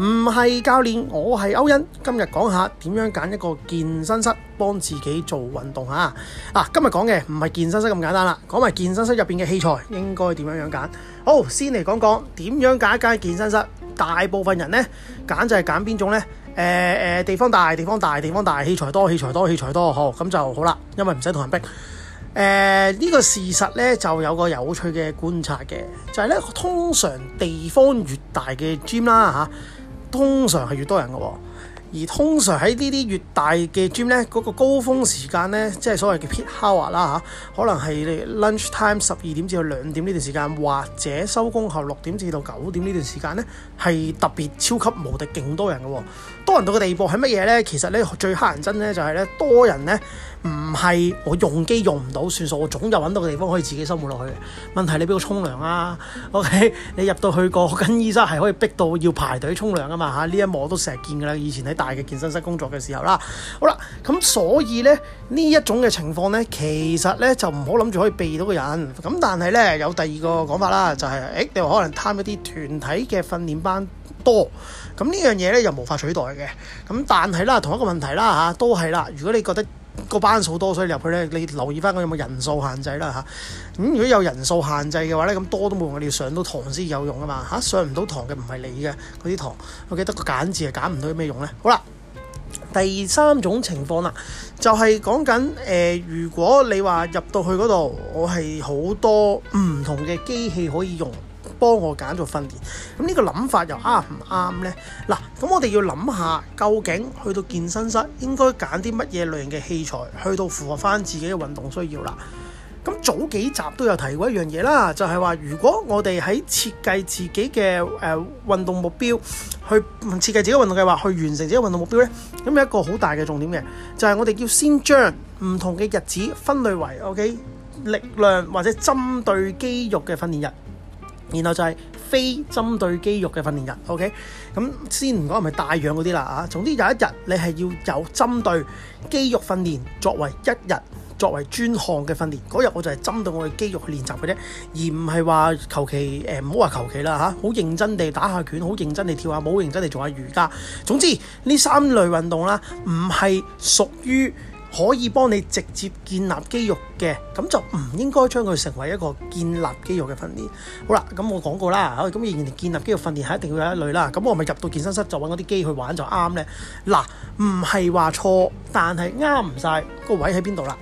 唔係教練，我係歐恩。今日講下點樣揀一個健身室幫自己做運動嚇。嗱、啊，今日講嘅唔係健身室咁簡單啦，講埋健身室入邊嘅器材應該點樣樣揀。好，先嚟講講點樣揀一間健身室。大部分人呢，揀就係揀邊種呢？誒、呃、誒、呃，地方大，地方大，地方大，器材多，器材多，器材多。好，咁就好啦，因為唔使同人逼。誒、呃，呢、這個事實呢，就有個有趣嘅觀察嘅，就係、是、咧通常地方越大嘅 gym 啦、啊、嚇。通常係越多人嘅。而通常喺呢啲越大嘅 gym 咧，嗰、那個高峰時間咧，即係所謂嘅 peak hour 啦、啊、吓，可能係你 lunch time 十二點至到兩點呢段時間，或者收工後六點至到九點呢段時間咧，係特別超級無敵勁多人嘅、哦、多人到嘅地步係乜嘢咧？其實咧最乞人憎咧就係咧多人咧唔係我用機用唔到算數，我總有揾到個地方可以自己生活落去。問題你我、啊，你邊度沖涼啊？OK，你入到去個更衣室係可以逼到要排隊沖涼啊嘛吓，呢一幕我都成日見㗎啦。以前喺大嘅健身室工作嘅時候啦，好啦，咁所以呢，呢一種嘅情況呢，其實呢就唔好諗住可以避到個人，咁但係呢，有第二個講法啦，就係誒你話可能貪一啲團體嘅訓練班多，咁呢樣嘢呢，又無法取代嘅，咁但係啦同一個問題啦嚇都係啦，如果你覺得，個班數多，所以入去呢，你留意返佢有冇人數限制啦嚇。咁、嗯、如果有人數限制嘅話呢，咁多都冇用，你要上到堂先有用嘛啊嘛嚇。上唔到堂嘅唔係你嘅嗰啲堂，我記得個簡字係揀唔到有咩用呢？好啦，第三種情況啦，就係、是、講緊誒、呃，如果你話入到去嗰度，我係好多唔同嘅機器可以用。幫我揀做訓練，咁、這、呢個諗法又啱唔啱呢？嗱，咁我哋要諗下，究竟去到健身室應該揀啲乜嘢類型嘅器材，去到符合返自己嘅運動需要啦。咁早幾集都有提過一樣嘢啦，就係、是、話如果我哋喺設計自己嘅誒運動目標，去設計自己運動計劃，去完成自己運動目標呢，咁有一個好大嘅重點嘅，就係、是、我哋要先將唔同嘅日子分類為 O.K. 力量或者針對肌肉嘅訓練日。然後就係非針對肌肉嘅訓練日，OK？咁先唔講係咪帶氧嗰啲啦嚇。總之有一日你係要有針對肌肉訓練，作為一日作為專項嘅訓練嗰日，我就係針對我嘅肌肉去練習嘅啫，而唔係話求其誒，唔好話求其啦嚇，好認真地打下拳，好認真地跳下舞，好認真地做下瑜伽。總之呢三類運動啦，唔係屬於。可以幫你直接建立肌肉嘅，咁就唔應該將佢成為一個建立肌肉嘅訓練。好啦，咁我講過啦，咁而建立肌肉訓練係一定要有一類啦。咁我咪入到健身室就揾嗰啲機去玩就啱呢？嗱，唔係話錯，但係啱唔晒。個位喺邊度啦？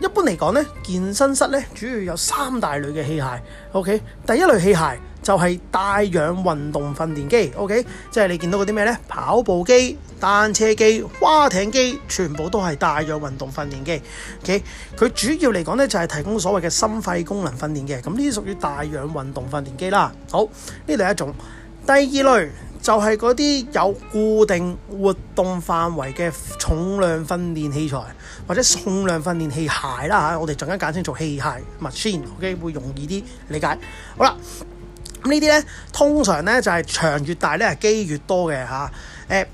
一般嚟講呢，健身室呢主要有三大類嘅器械。OK，第一類器械。就係帶氧運動訓練機，OK，即係你見到嗰啲咩呢？跑步機、單車機、蛙艇機，全部都係帶氧運動訓練機。OK，佢、OK? 主要嚟講呢，就係提供所謂嘅心肺功能訓練嘅，咁呢啲屬於帶氧運動訓練機啦。好，呢度一種。第二類就係嗰啲有固定活動範圍嘅重量訓練器材或者重量訓練器械啦嚇，我哋陣間簡稱做器械 machine，OK，、OK? 會容易啲理解。好啦。咁呢啲呢，通常呢就係長越大呢，咧，機越多嘅嚇、啊。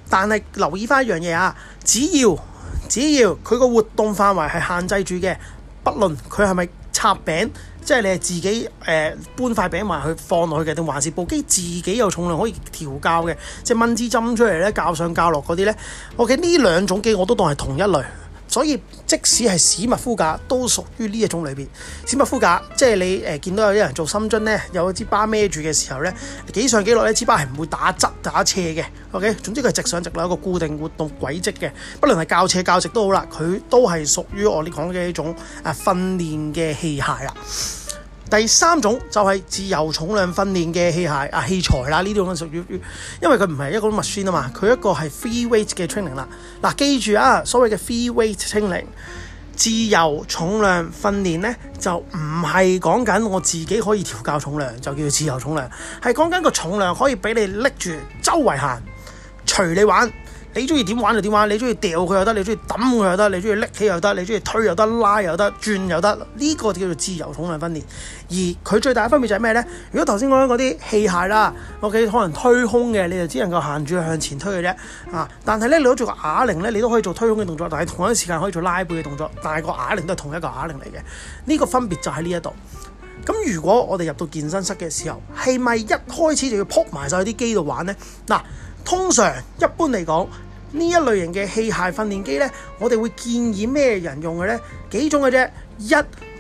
但係留意翻一,一樣嘢啊，只要只要佢個活動範圍係限制住嘅，不論佢係咪插餅，即係你係自己誒、呃、搬塊餅埋去放落去嘅，定還是部機自己有重量可以調教嘅，即係掹支針出嚟呢，較上較落嗰啲呢。OK，呢兩種機我都當係同一類。所以即使係史密夫架都屬於呢一種類別。史密夫架即係你誒見到有啲人做深蹲呢，有支巴孭住嘅時候呢，幾上幾落呢支巴係唔會打側打斜嘅。OK，總之佢係直上直落一個固定活動軌跡嘅，不論係教斜教直好都好啦，佢都係屬於我哋講嘅一種誒訓練嘅器械啦。第三種就係自由重量訓練嘅器械啊，器材啦，呢啲咁屬於，因為佢唔係一個 machine 啊嘛，佢一個係 free weight 嘅 training 啦。嗱、啊，記住啊，所謂嘅 free weight training，自由重量訓練呢，就唔係講緊我自己可以調校重量就叫做自由重量，係講緊個重量可以俾你拎住周圍行，隨你玩。你中意點玩就點玩，你中意掉佢又得，你中意揼佢又得，你中意拎起又得，你中意推又得，拉又得，轉又得，呢個叫做自由重量訓練。而佢最大嘅分別就係咩呢？如果頭先講嗰啲器械啦，我哋可能推胸嘅，你就只能夠限住向前推嘅啫。啊，但係咧，攞住個啞鈴呢，你都可以做推胸嘅動作，但係同一時間可以做拉背嘅動作，但係個啞鈴都係同一個啞鈴嚟嘅。呢個分別就喺呢一度。咁如果我哋入到健身室嘅時候，係咪一開始就要撲埋晒啲機度玩呢？嗱、啊。通常一般嚟講，呢一類型嘅器械訓練機呢，我哋會建議咩人用嘅呢？幾種嘅啫，一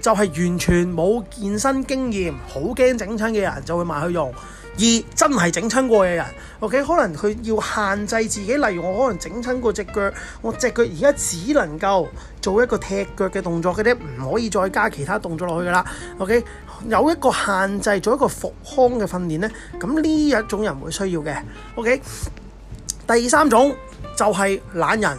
就係、是、完全冇健身經驗，好驚整親嘅人就會買去用；二，真係整親過嘅人，OK，可能佢要限制自己，例如我可能整親過隻腳，我隻腳而家只能夠做一個踢腳嘅動作嘅啫，唔可以再加其他動作落去㗎喇，OK。有一個限制，做一個復康嘅訓練呢，咁呢一種人會需要嘅。OK，第三種就係懶人，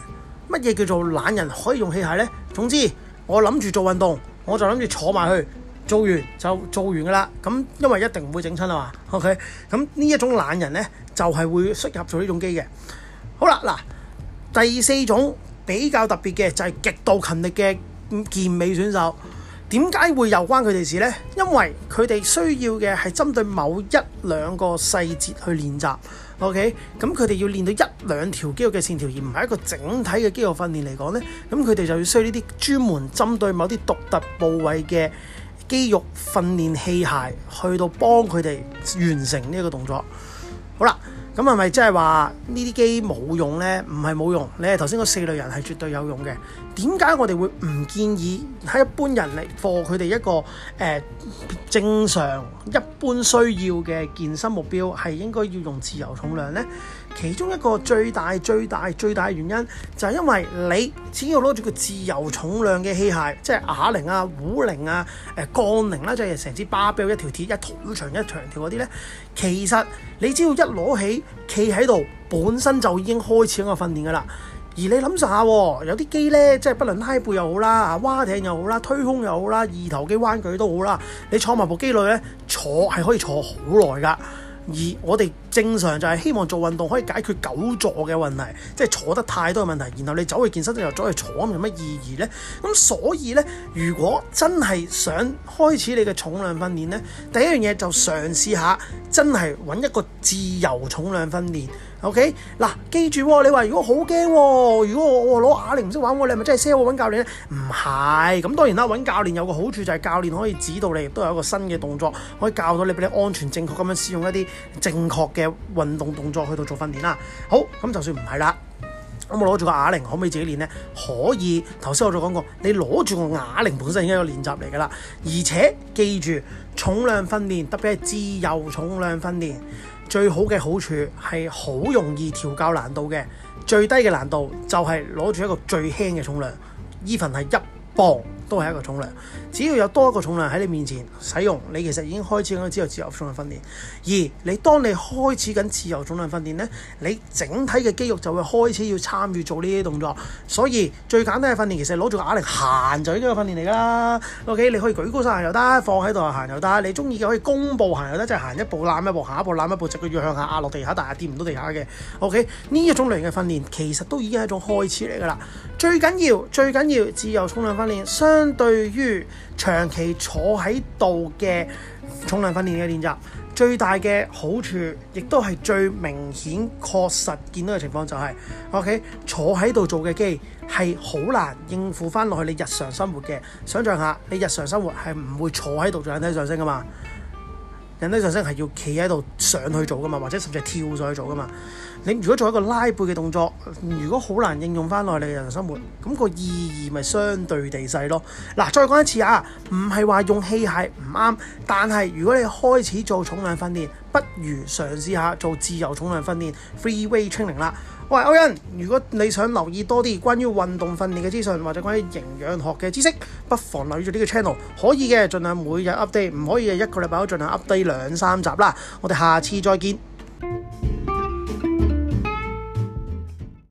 乜嘢叫做懶人可以用器械呢？總之我諗住做運動，我就諗住坐埋去，做完就做完噶啦。咁因為一定唔會整親啊嘛。OK，咁呢一種懶人呢，就係會適合做呢種機嘅。好啦，嗱，第四種比較特別嘅就係極度勤力嘅健美選手。點解會有關佢哋事呢？因為佢哋需要嘅係針對某一兩個細節去練習，OK？咁佢哋要練到一兩條肌肉嘅線條，而唔係一個整體嘅肌肉訓練嚟講呢，咁佢哋就要需要呢啲專門針對某啲獨特部位嘅肌肉訓練器械，去到幫佢哋完成呢個動作。好啦。咁係咪即係話呢啲機冇用呢？唔係冇用，你係頭先嗰四類人係絕對有用嘅。點解我哋會唔建議喺一般人嚟講佢哋一個誒、呃、正常一般需要嘅健身目標係應該要用自由重量呢？其中一個最大、最大、最大原因就係、是、因為你只要攞住個自由重量嘅器械，即係啞鈴啊、壺鈴啊、誒、呃、槓鈴啦、啊，即係成支 barbell 一條鐵一條長一長條嗰啲呢。其實你只要一攞起，企喺度，本身就已經開始一個訓練㗎喇。而你諗下，有啲機呢，即係不論拉背又好啦、蛙艇又好啦、推胸又好啦、二頭肌彎舉都好啦，你坐埋部機裏呢，坐係可以坐好耐㗎。而我哋，正常就係希望做運動可以解決久坐嘅問題，即係坐得太多嘅問題。然後你走去健身，又走去坐，有乜意義呢？咁所以呢，如果真係想開始你嘅重量訓練呢，第一樣嘢就嘗試下真係揾一個自由重量訓練。OK，嗱、啊，記住你話如果好驚，如果我我攞啞鈴唔識玩，你係咪真係 sell 我揾教練呢？唔係，咁當然啦，揾教練有個好處就係教練可以指導你，亦都有一個新嘅動作，可以教到你，俾你安全正確咁樣使用一啲正確嘅運動動作去到做訓練啦，好，咁就算唔係啦，咁我攞住個啞鈴可唔可以自己練呢？可以，頭先我仲講過，你攞住個啞鈴本身已經係一個練習嚟噶啦，而且記住重量訓練，特別係自由重量訓練，最好嘅好處係好容易調教難度嘅，最低嘅難度就係攞住一個最輕嘅重量，呢份係一磅。都係一個重量，只要有多一個重量喺你面前使用，你其實已經開始緊自由自由重量訓練。而你當你開始緊自由重量訓練呢，你整體嘅肌肉就會開始要參與做呢啲動作。所以最簡單嘅訓練其實攞住個啞鈴行就已經個訓練嚟噶啦。OK，你可以舉高晒行又得，放喺度行又得，你中意嘅可以弓步行又得，即係行一步攬一步，下一步攬一,一,一步，直佢要向下壓落地下，但係跌唔到地下嘅。OK，呢一種類型嘅訓練其實都已經係一種開始嚟噶啦。最緊要最緊要，最要自由重量訓練相對於長期坐喺度嘅重量訓練嘅練習，最大嘅好處，亦都係最明顯，就是，確實見到嘅情況就係，OK，坐喺度做嘅機係好難應付翻落去你日常生活嘅。想象下，你日常生活係唔會坐喺度做引體上升噶嘛？人體上身係要企喺度上去做噶嘛，或者甚至係跳上去做噶嘛。你如果做一個拉背嘅動作，如果好難應用翻落你嘅日常生活，咁、那個意義咪相對地細咯。嗱，再講一次啊，唔係話用器械唔啱，但係如果你開始做重量訓練，不如嘗試下做自由重量訓練 （free w a y t r a i n i n g 啦。我係歐恩，如果你想留意多啲關於運動訓練嘅資訊，或者關於營養學嘅知識，不妨留意住呢個 channel。可以嘅，盡量每日 update，唔可以嘅，一個禮拜都盡量 update 兩三集啦。我哋下次再見。